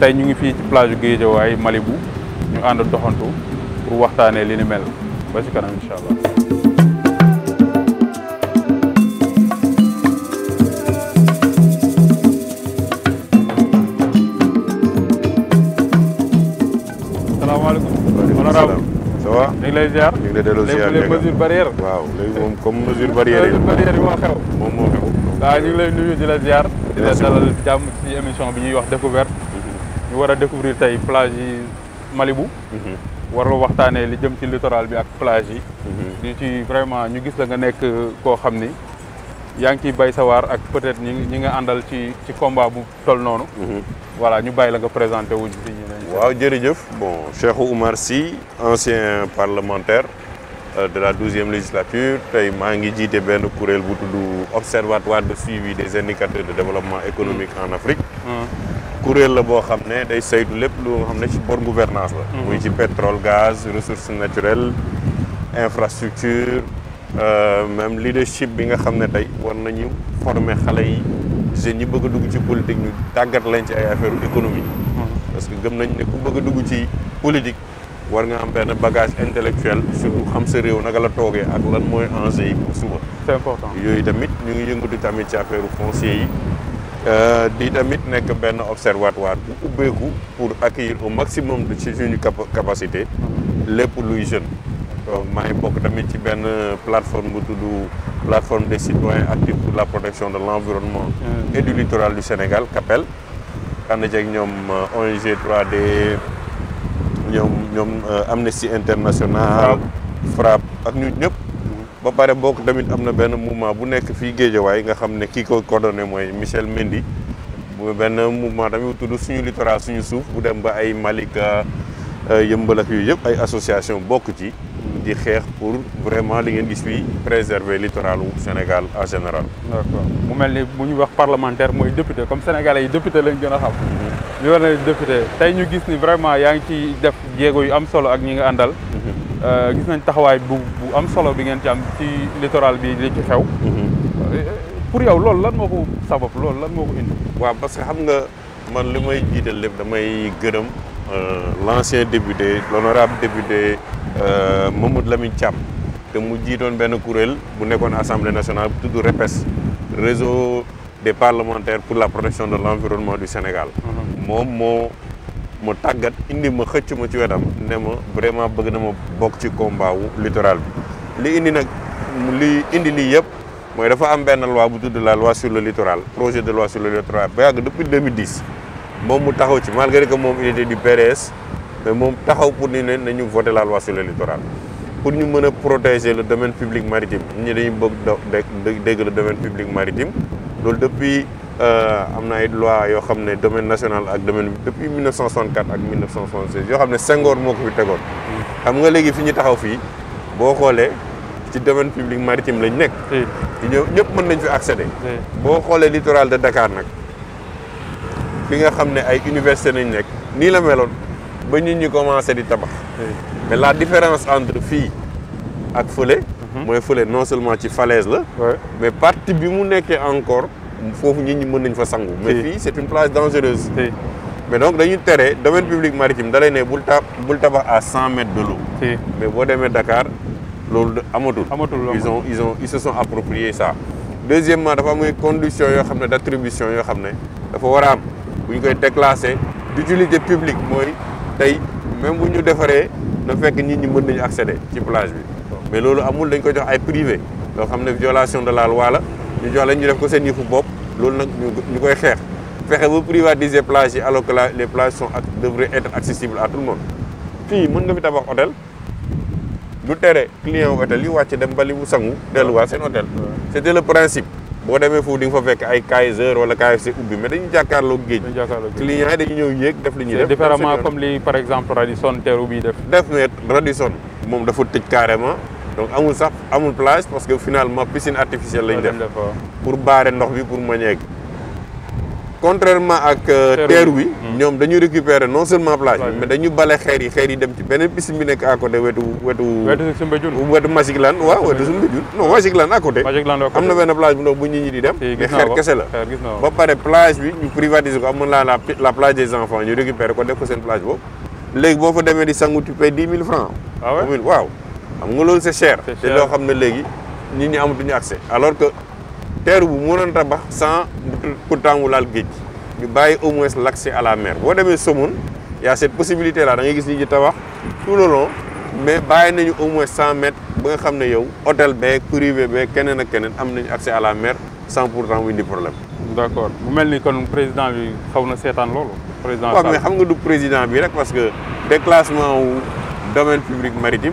tey ñu ngi fi fii ci plage mali Malibu ñu ànd doxantu pour waxtaanee li ba ci kanam incha allah. ñu ngi lay ziar ñu ngi lay delloo ziar mesure barrière waaw léegi moom moom moo ñu ngi lay nuyu di la ziar di la dalal jàmm ci émission bi ñuy wax découverte wara découvrir tey plage yi Malibu mhm. war la waxtaanee li jëm ci littoral bi ak plage yi mhm. di ci vraiment ñu gis la nga nek euh, ko xamni ni yaa ngi bay sawar ak peut-être ñi ñi nga andal ci ci combat bu tol mhm. voilà ñu bay la nga présenter. wu fi waaw jërëjëf bon Cheikh Oumar Sy ancien parlementaire euh, de la 12e législature Tay maa ngi jiite benn kuréel bu tudd observatoire de suivi des indicateurs de développement économique en Afrique kuréel la boo xam ne day saytu lépp lu nga xam ne ci bonne gouvernance la mhm. muy ci pétrole gaz ressources naturelles infrastructure euh, même leadership bi nga xam ne tey war nañu former xale yi jeunes yi bëgg a dugg ci politique ñu tàggat leen ci ay affaire économie mhm. parce que gëm nañ ne ku bëgg a dugg ci politique war nga am benn bagage intellectuel surtout xam sa réew naka la toogee ak lan mooy enjeu yi pour suba. c'est important yooyu tamit ñu ngi yëngatu tamit ci affaire foncier yi euh, di tamit observatoire pour accueillir au maximum de ces capacités capacité les lui jeune donc maa plateforme de plateforme des citoyens actifs pour la protection de l'environnement mmh. et du littoral du Sénégal CAPEL Nous avons un ONG 3D Amnesty International FRAP, ba pare bokk tamit am na benn moument bu nekk fii Géejawaay nga xam ne kii ko coordonné mooy Michel Mendy bu benn moument tamit tudd suñu littoral suñu suuf bu dem ba ay Malika euh, euh, yëmbal ak yëpp ay association bokk ci di xeex pour vraiment li ngeen gis fii préserver littoral wu Sénégal en général. mu mel ni bu ñu wax parlementaire mooy député comme sénégalais yi député lañ gën a xam. Mhm. ñu war na député tey ñu gis ni vraiment yaa ngi ci def jéego yu am solo ak ñi nga àndal. Mhm. Euh, gis nañ taxawaay bu bu am solo bi ngeen ci am ci littoral bi li ci xew. Mhm. Euh, pour yow loolu lan moo ko sabab loolu lan moo ko indi. waaw parce que xam nga man li may jiital lépp damay gërëm euh, l'ancien député l'honorable député Mamadou Lamine Thiam. te mu jiitoon benn kuréel bu nekkoon assemblée nationale bu tudd REPES réseau des parlementaires pour la protection de l'environnement du Sénégal. Mhm. moom moo. ma tàggat indi ma xëcc ma ci wetam ne ma vraiment bëgg na ma bokk ci combat wu littoral bi li indi nag li indi lii yëpp mooy dafa am benn loi bu tudd la loi sur le littoral projet de loi sur le littoral ba yàgg depuis 2010 moom mu taxaw ci malgré que moom il était du PDS mais moom taxaw pour ni nañu voter la loi sur le littoral pour ñu mën protéger le domaine public maritime ñu dañuy bëgg dégg le domaine public maritime loolu depuis y euh, a ay loi lois xam le domaine national depuis 1964 ak 1976 Il y a Senghor moo ko fi tegoon. xam nga léegi fi taxaw fii boo xoolee ci domaine public maritime lañ nekk. ñoo ñëpp mën nañ fi accéder. boo le littoral de Dakar nag fi nga xam ne ay université lañ nekk nii la meloon ba nit commencé di mais la différence entre fii ak fële. Mhm. mooy fële non seulement la falaise mais la. partie qui est encore. Il faut ñi mën fa sangu mais c'est une place dangereuse mais donc dañuy un domaine public maritime da est ta à 100 mètres de l'eau mais boo M. Dakar ils ont ils ont ils se sont appropriés ça deuxièmement dafa a des conditions d'attribution, Il Il voir que yoo dafa a publique même si nous devons na fekk que ñi mën accéder ci plage bi mais le amul dañ privé. jox ay privé une violation de la loi là ñu jox leen ñu def ko seen yëfu bopp loolu nag ñu koy xeex fexe ba privatiser plage yi alors que la les plages sont ak devraient être accessibles à tout le monde fii mën nga fi tabax hôtel du tere client hôtel yi wàcc dem bali bu sangu delluwaat seen hôtel c'était le principe boo demee foofu di nga fa fekk ay Kaiser wala KFC ubbi mais dañu jàkkaarloo géej client yi dañu ñëw yéeg def li ñuy def différemment comme li par exemple Radisson teeru bi def def mais Radisson moom dafa tëj carrément donc a sax une plage parce que finalement piscine artificielle pour barrer nos pour manier Contrairement contrairement à terre on nous non seulement la plage mais dañu bale les yi yi dem piscine bi à côté wetu wetu wetu une waaw wetu non à côté plage bu ndox une ñi di dem mais une la ba plage bi ñu la plage des enfants Nous récupérons la plage francs ah c'est cher. c'est cher te loo xam ne léegi nit alors que terre bu mënoon tabax sans pourtant mu laal Il ñu au moins l'accès à la mer boo demee Il y a cette possibilité là da ngay gis nit ñi tout le long mais y nañu au moins 100 mètres ba nga y yow hôtel beeg privé beeg keneen ak am nañu accès à la mer sans pourtant avoir de problème d'accord bu mel que le président bi xaw na seetaan loolu président mais xam nga du président bi parce que déclassement du domaine public maritime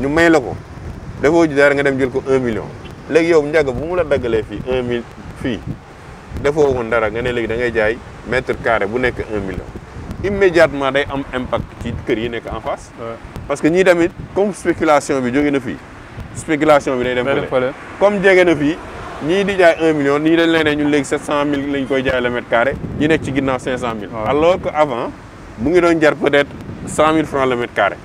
ñu may la dara 1 million léegi yow njàgg bu mu la daggalee fii 1 million fii dafoo woon dara nga ne mètre carré bu 1 million immédiatement day impact ci kër yi en face. parce que ñii tamit comme spéculation bi jóge na spéculation bi comme jege na 1 million ñii dañ lay ne ñun 700 000 lañ koy jaay le mètre carré ci 500 alors que avant mu ngi doon jar peut être 100 000 francs le mètre carré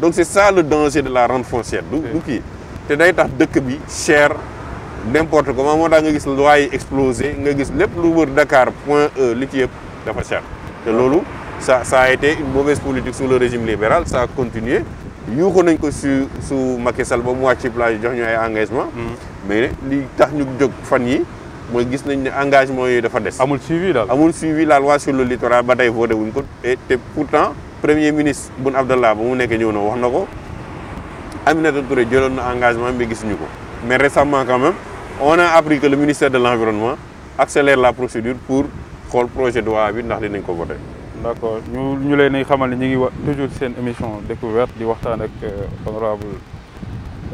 donc c'est ça le danger de la rente foncière Donc, tu cher n'importe comment moo la loi le loyer exploser. nga gis Dakar point E cher ah. ça a été une mauvaise politique sous le régime libéral ça a continué ko Macky Sall engagement hmm. mais li tax ñu engagement suivi suivi la loi sur le littoral ba et pourtant premier ministre Boun Abdallah ba mu nekk ñëw na wax na ko Aminata Touré jëloon na engagement bi gisuñu ko mais récemment quand même on a appris que le ministère de l'environnement accélère la procédure pour xool projet de loi bi ndax dinañ ko voté. d'accord ñu ñu leen di xamal ne ñu ngi wa toujours seen émission découverte di waxtaan ak euh, honorable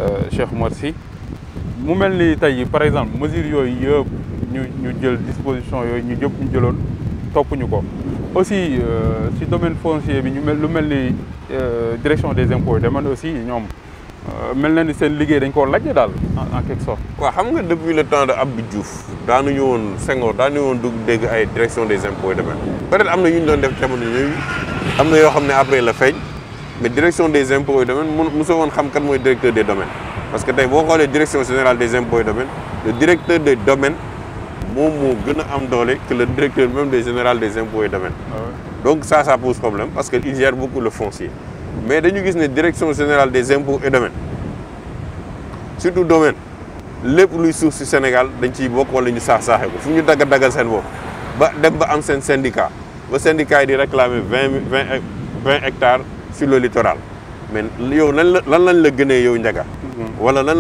euh, Cheikh Oumar Sy mu mel ni tey par exemple mesures yooyu yëpp ñu ñu jël disposition yooyu ñu jëpp ñu jëloon toppuñu ko. aussi euh, sur le domaine foncier bi ñu mel lu euh, direction des impôts deman aussi ñom euh, mel na ni sen liguey dañ ko lajé dal en quelque sorte. quoi xam nga depuis le temps de Abdou Diouf daanuñu woon Senghor daanuñu woon dugg dégg ay direction des impôts demain peut-être amna ñu ñu doon def jamono yooyu am na après la feeñ mais direction des impôts demain mu mosoo xam kan moy directeur des domaines parce que tay bo xolé direction générale des impôts demain le directeur des domaines moom moo am doole que le directeur même des général des impôts et domaines ah donc ça ça pose problème parce que il gère beaucoup le foncier mais dañu gis ne direction générale des impôts et domaines surtout domaine Les luy suuf Sénégal dañ ciy bokk wala ñu saax saaxe ko fu ñu dagga daggal seen ba dem ba am syndicat ba syndicat yi di réclamer 20 hectares sur le littoral mais yow lan la lan lañ la gënee yow njaga mhm. wala lan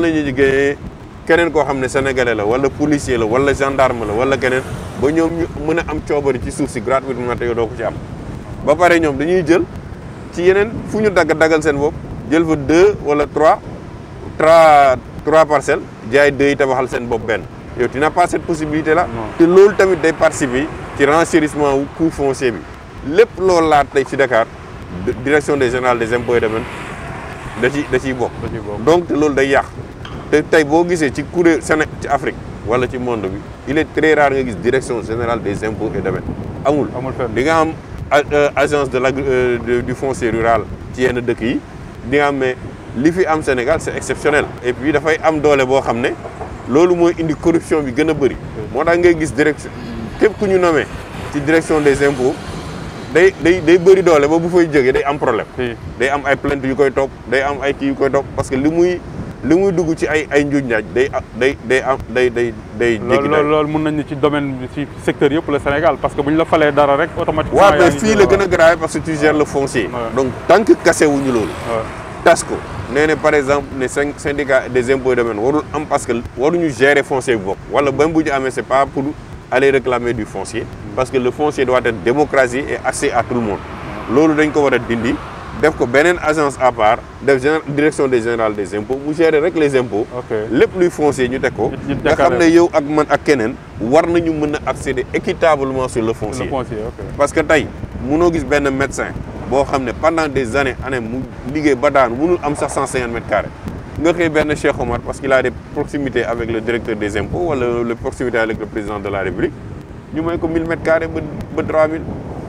keneen koo xam ne sénégalais la wala policier la wala gendarme la wala keneen ba ñoom ñu mën a am coobari ci suuf si gratuitement te yow doo ko ci am ba pare ñoom dañuy jël ci yeneen fu ñu dagg daggal seen bopp jël fa deux wala trois trois trois parcelles jaay deux yi tabaxal seen bopp benn yow tu n'as pas cette possibilité là te loolu tamit day participer ci renchérissement wu coût foncier bi lépp loolu laa tey ci Dakar direction des générale des impôts et da ci da ciy bokk donc te loolu day yàq te tey boo gisee ci kuréel Séné ci Afrique wala ci monde bi il est très rare nga gis direction générale des impôts et domaines amul. amul fenn di nga am euh, agence de l'agri euh, du foncier rural ci yenn dëkk yi di nga am mais li fi am Sénégal c'est exceptionnel. et puis dafay am doole boo xam ne loolu mooy indi corruption bi gën a bëri. moo tax ngay gis direction képp ku ñu nommé ci direction des impôts. day day day bëri doole ba bu fay jógee day am problème. day am ay plainte yu koy topp day am ay kii yu koy topp parce que li muy li dugg ci ay ay njuuj day day day day day day. domaine ci secteur yëpp le Sénégal parce que buñ la falé dara rek automatiquement. waaw mais fi le gëna grave parce que tu gères le foncier. donc tant que kase wuñu ñu tasco tas par exemple les syndicats des impôts de domaines warul am parce que waruñu gérer foncier bu Le wala même bu amé c'est pas pour aller réclamer du foncier. parce que le foncier doit être démocratisé et accès à tout le monde. loolu dañ ko wara dindi def ko benen agence à part def direction des générale des impôts mu gérer rek les impôts. lépp luy foncier ñu tekko ko. nga xam yow ak man ak kenen war nañu mëna accéder équitablement sur le foncier. le foncier parce que tay mëno gis ben médecin bo xamné pendant des années ané mu liggé ba daan munul am sax 150 mètres carrés. nga xey ben Cheikh Omar parce qu'il a des proximités avec le directeur des impôts wala le proximité avec le président de la République ñu may ko 1000 mètres carrés ba ba trois 1000.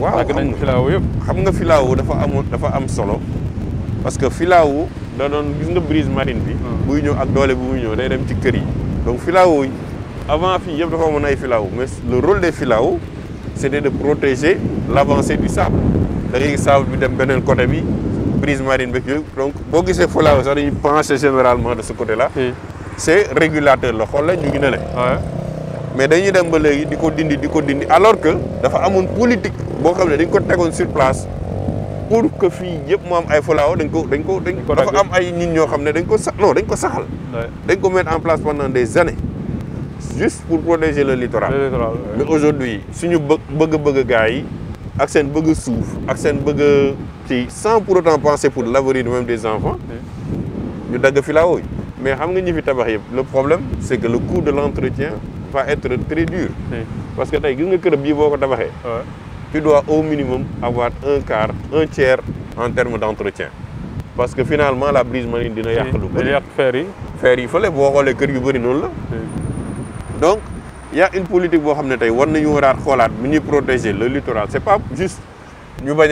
La dagg nañ filaaw yëpp xam nga filaaw dafa amul dafa am solo parce que filao, da doon gis nga brise marine bi hmm. buy ñëw ak doole bu muy ñëw day dem ci kër yi donc filao. avant fii yëpp dafa amoon ay filao. mais le rôle des filao, c'était de protéger l'avancée du sable da ngay gis sable bi dem beneen côté bi brise marine beeg yooyu donc boo gisee filaaw sax dañuy penché généralement de ce côté là hmm. c'est régulateur la xool la ñu ngi ne le mais dañuy dem ba léegi di ko dindi di ko dindi alors que dafa amoon politique boo xam ne dañ ko tegoon sur place pour que fii yëpp mu am ay fulaawa dañ ko dañ ko dañ ko dafa am ay nit ñoo xam mettre en place pendant des années juste pour protéger le littoral. mais aujourd' suñu bëgg bëgg gaa yi ak seen bëgg suuf qui seen bëgg ci sans pour autant penser pour l'avenir même des enfants. ñu dagg filaawoo mais xam nga ñi fi tabax le problème c'est que le coût de l'entretien va être très dur. parce que tu dois au minimum avoir un quart un tiers en termes d'entretien. parce que finalement la brise marine dina yàq lu bëri. dina yàq Il faut fer yi fële les xoolee kër Donc, il donc y' a une politique qui est ne tey protéger le littoral ce n'est pas juste nous bañ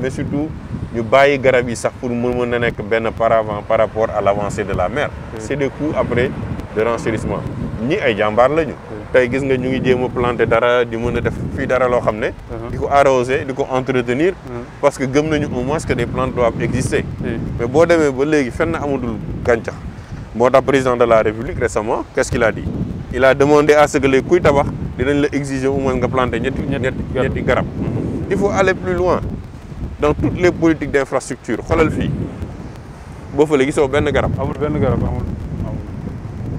mais surtout nous bàyyi garab yi pour nous mën a par rapport à l'avancée de la mer. C'est du coup après de renseignement. ñi ay jambar lañu tay gis nga ñu ngi jëm planter dara di mëna def fi dara lo xamné uh-huh. diko arroser diko entretenir uh-huh. parce que gëm nañu au moins que des plantes doivent exister mais bo démé ba légui fenn amadul gantax motax président de la république récemment qu'est-ce qu'il a dit il a demandé à ce que les kuy tabax dinañ la exiger au moins nga planter ñet ñet ñet garab uh-huh. il faut aller plus loin dans toutes les politiques d'infrastructure xolal fi bo fa légui so ben garab amul ben garab amul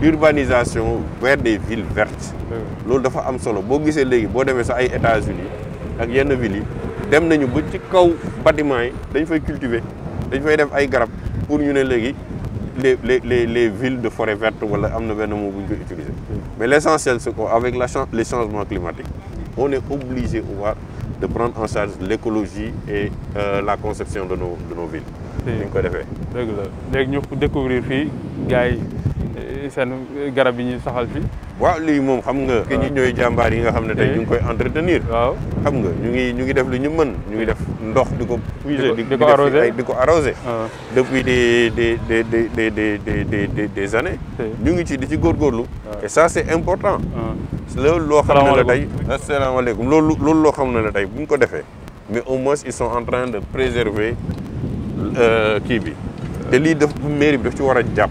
d'urbanisation vers des villes vertes hmm. loolu dafa am solo boo gisee léegi boo demee ça ay États-Unis ak yenn ville, yi dem nañu ba ci kaw bâtiment dañ cultiver dañ fay faire ay grappes pour ñu les les les villes de forêt verte wala am na benn mot bu utiliser hmm. mais l'essentiel, c'est qu'avec les changements climatiques on est obligé de prendre en charge l'écologie et euh, la conception de nos de nos villes. C'est hmm. ce ko defee. dëgg la léegi découvrir ici gars seen garab yi ñuy saxal fii. waaw lii moom xam nga. waaw ñi ñooy jàmbaar yi nga xam ne tey eh? ñu ngi koy entretenir. waaw xam nga ñu ngi ñu ngi def lu ñu mën ñu ngi def ndox di ko. puiser di ko arroser di ko arroser. Ah. depuis des des des des des des des années. Eh. ñu ngi ci di ci góorgóorlu. Ah. et ça c' est important. Ah. loolu loo xam ne la tey asalaamaaleykum loolu loolu loo xam ne la tey bu ñu ko defee. mais au moins ils sont en train de préserver euh, kii bi. te lii daf mairie bi daf ci war a jàpp.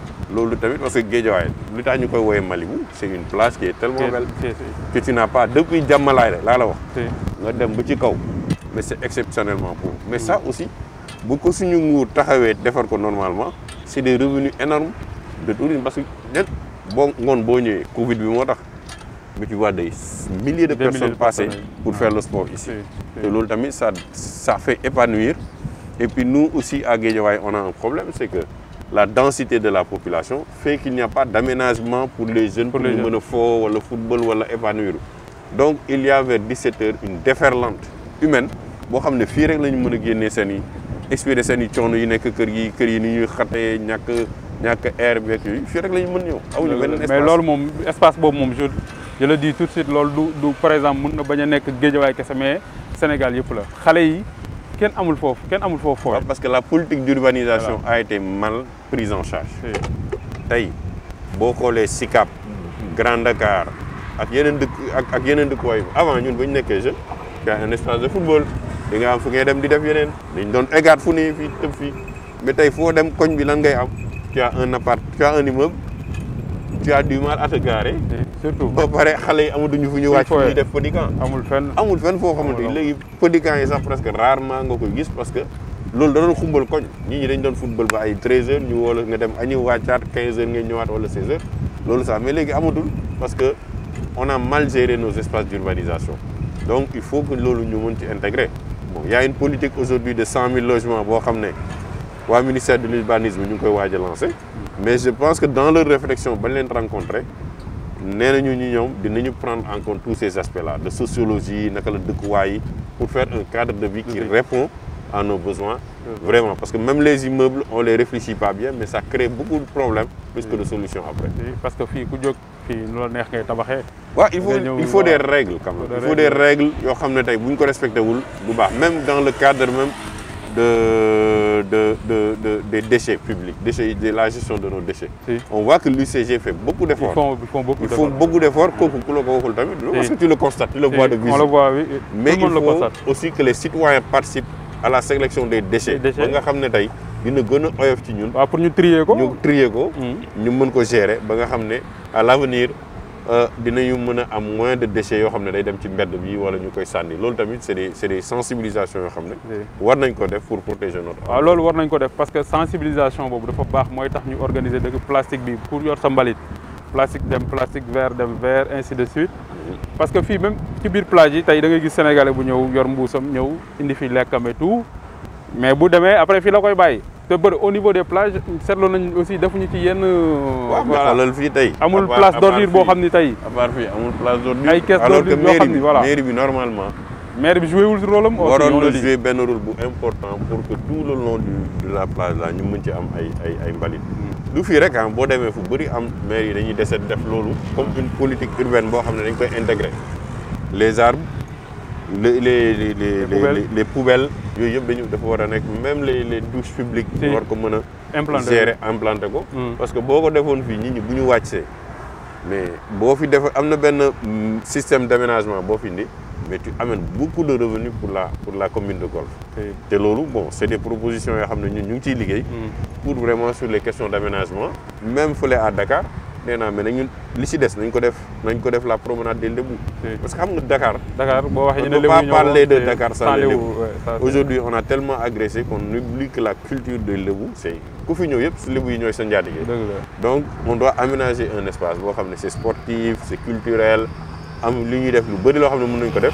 C'est parce que Guédiawaye lui, tax koy Malibu une place qui est tellement belle que tu n'as pas depuis jàmmalaay là, là, la wax nga dem mais c'est exceptionnellement beau. mais ça mm. aussi beaucoup de suñu nguur taxawee defar ko normalement c'est des revenus énormes de tourisme parce que net on boit boo la Covid bi mais tu vois des milliers de personnes passer pour faire le sport ici Et ça ça fait épanouir et puis nous aussi à Guédiawaye on a un problème c'est que la densité de la population fait qu'il n'y a pas d'aménagement pour les jeunes pour, les jeunes. le fort, le football ou l'épanouir. Donc il y avait 17h une déferlante humaine. boo xam ne fii rek la ñu mën a expirer seen i expiré seen i coono yi nekk kër yi kër yi ni ñuy xatee ñàkk ñàkk air beeg rek la ñu mën ñëw. awuñu benn espace mais loolu moom espace boobu moom je le dis tout de suite loolu du par exemple mën na bañ a nekk géejawaay kese mais Sénégal yëpp la xale yi kenn amul foofu kenn amul foofu foofu. parce que la politique d'urbanisation a été mal prise en charge. Tay boo les Sicap. Grand Dakar ak yenen deuk ak ak yeneen dëkkuwaay avant ñun buñu ñu nekkee jeune. y' a un espace de football. di nga am fu ngay dem di def yenen. dañ don eggaat fu ne fii tëb fii. mais tay fo dem koñ bi lan ngay am. tu as un appart tu as un immeuble tu as du mal à te garer. Mm-hmm. surtout ba pare xale yi amatuñu fu ñu wàcc ñu def petit camp amul fenn amul fenn foo xamante ni léegi yi sax presque rarement nga koy gis parce que loolu da doon xumbal koñ nit ñi dañ doon football ba ay 13h ñu woola nga dem añu wàccaat 15h nga ñëwaat wala 16h loolu sax mais léegi amatul parce que on a mal géré nos espaces d'urbanisation donc il faut que loolu ñu mën Il intégrer bon y a une politique aujourd'hui de 100 000 logements boo xam ne ministère de l'urbanisme ñu avons koy lancer mais je pense que dans leur réflexion quand leen rencontrer, nous on va prendre en compte tous ces aspects là de sociologie de quoi, pour faire un cadre de vie qui répond à nos besoins vraiment parce que même les immeubles on ne les réfléchit pas bien mais ça crée beaucoup de problèmes plus que de solutions après parce que si il faut des règles quand même il faut des règles Il ne même dans le cadre même de, de, de, des déchets publics, déchets, de la gestion de nos déchets. Si. On voit que l'UCG fait beaucoup d'efforts. Ils font, ils font beaucoup d'efforts. Ils font beaucoup d'efforts. Oui. Parce que tu le constates, tu le si. vois de visite. On le voit, oui. Mais Tout il faut le aussi que les citoyens participent à la sélection des déchets. Des déchets. dina gën a pour ñu trier ko ñu trier ko. Hmm. ñu mën gérer à l'avenir. Euh, dinañu mën a am moins de déchets yo xam day dem ci mbedd bi wala ñukoy koy loolu tamit c'est des c'est des sensibilisations yo xam war nañ ko def pour protéger notre waaw loolu war nañ ko def parce que sensibilisation bobu dafa bax moy tax ñu organiser dëgg plastique bi pour yor sa mbalit plastique dem plastique verre dem verre ainsi de suite mm-hmm. parce que fi même ci biir plage yi tay da ngay gis sénégalais bu ñew yor mbousam ñew indi fi lekkam et tout mais bu demee après fi la koy bàyyi au niveau des plages c'est aussi defuñu ci yenn. place d'ordure place d'ordure. Alors que mairie, mairie normalement. rôle oh, rôle important pour que tout le long de la plage soit ñu Nous am ay ay ay mbalit. Hmm. du ah, comme une politique urbaine qui intégrer les arbres les les les les les poubelles yooyu yëpp dañu dafa war même les les douches publiques. war ko mën implanter gérer implanter ko. Hmm. parce que boo ko defoon fii nit ñi bu mais boo fi def am na hmm, système d'aménagement aménagement boo mais tu amènes beaucoup de revenus pour la pour la commune de Golf. te loolu bon c'est des propositions yoo xam ne ñun ñu ciy hmm. pour vraiment sur les questions d'aménagement même fële à Dakar nee naa mais li des ko def ko la promenade de Lébou. parce que Dakar. Dakar on ne peut pas parler de Dakar sans le Lébou. aujourd'hui on a tellement agressé qu'on oublie que la culture de Lébou c'est ku fi donc on doit aménager un espace c'est sportif c'est culturel am avons ñuy def lu choses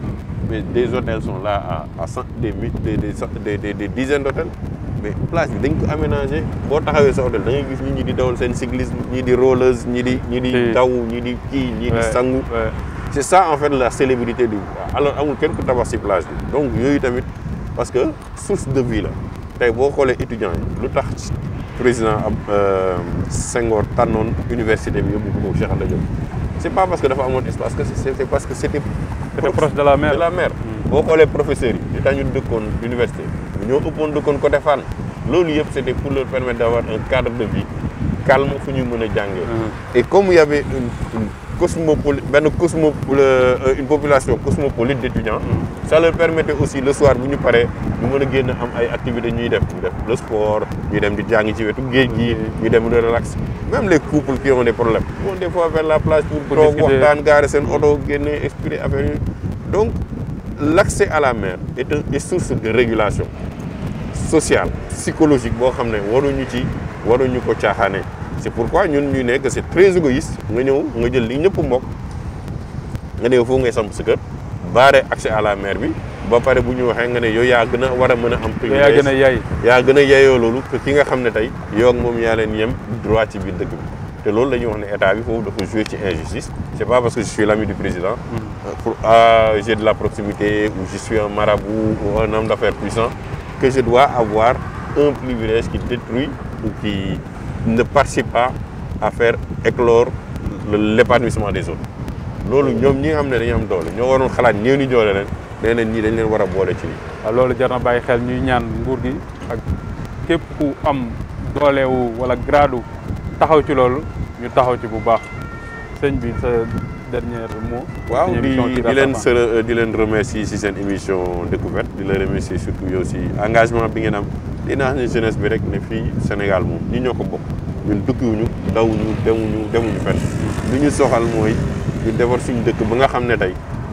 mais des hôtels sont là à, à cent, des, des, des, des, dizaines d'hôtels. Mais place bi dañ ko aménagé boo taxawee sa hôtel ni des gis ñi des di dawal cyclisme ñi di rollers ñi di ñi di daw ñi di ñi c'est ça en fait la célébrité du alors amul kenn ku tabax voir ces places? donc yooyu tamit parce que source de vie la tey boo les étudiants Le président euh, Senghor Tanon, université de yóbbu ko Cheikh Anta c'est pas parce que dafa espace que c'est parce que c'était proche de la mer de la mer Les professeurs de l'université, ils université ñoo côté c'était pour leur permettre d'avoir un cadre de vie calme uh-huh. et comme il y avait une, une euh, population cosmopolite d'étudiants uh-huh. ça leur permettait aussi le soir bu ñu ñu activités le sport ñu dem di même les couples qui ont des problèmes vont des fois vers la plage pour pouvoir waxtaan garer seen auto gagner expliquer affaire donc l'accès à la mer est une source de régulation sociale psychologique boo xam ne waruñu ci waruñu ko caaxaane c'est pourquoi nous ñu que c'est très égoïste nga nous nga jël ligne pour moi nga ne foofu ngay samp sa kër accès à la mer bi ba pare bu ñu waxee nga ne yow yaa gën a war a mën a am privilège yaa gën a yay yaa gën a yeyoo loolu ki nga xam ne tey yow ak moom yaa leen yem droit ci biir dëkk bi te loolu la ñuy wax ne état bi foofu dafa jouer ci injustice c'est pas parce que je suis l'ami du président hmm. euh, pour ah, de la proximité ou je suis un marabout ou un homme d'affaires puissant que je dois avoir un privilège qui détruit ou qui ne participe pas à faire éclore l'épanouissement des autres loolu ñoom ñi nga xam ne dañu am doole ñoo waroon xalaat ñëw ni nee na ñii dañ leen war a boole ci lii. waaw loolu jar na bàyyi xel ñuy ñaan nguur gi ak képp ku am dooleewu wala gradu taxaw ci loolu ñu taxaw ci bu baax sëñ bi sa dernier mot. waaw di di leen sër euh, di leen remercier si seen émission découverte di la remercier surtout yow si engagement bi ngeen am dinaa ne jeunesse bi rek ne fii Sénégal moom ñi ñoo ko bokk ñun dukkiwuñu dawuñu demuñu demuñu fenn li ñu soxal mooy ñu defar suñu dëkk ba nga xam ne tey.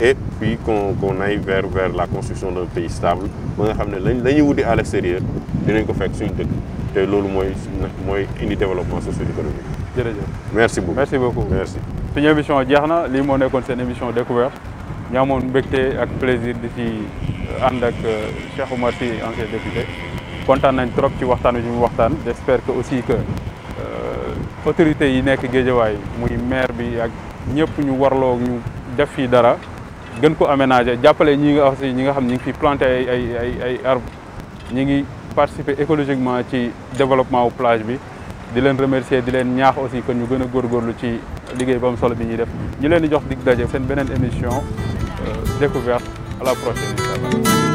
et puis qu'on qu'on aille vers vers la construction d'un pays stable ba nga xam ne lañ la à l'extérieur dinañ ko fekk suñu dëkk te loolu mooy mooy indi développement socio-économique. jërëjëf merci beaucoup merci beaucoup merci. suñu émission jeex na c'est moo nekkoon seen émission découverte ñu amoon mbégte ak plaisir di avec ànd ak euh, Cheikh Oumar Sy ancien député kontaan nañ trop ci waxtaan wi waxtaan j'espère que aussi que euh, autorités yi nekk Guédiawaye muy maire bi ak ñëpp ñu warloo ñu def fii dara. gën ko aménager jàppale ñi nga aussi ñi nga xam ñi ngi fi planté ay ay ay ay arbre ñi ngi participer écologiquement ci développement wu plage bi di leen remercier di leen ñaax aussi que ñu gën góor góorgóorlu ci liggéey ba solo bi ñuy def ñi leen di jox dig daje seen beneen émission euh, découverte à la prochaine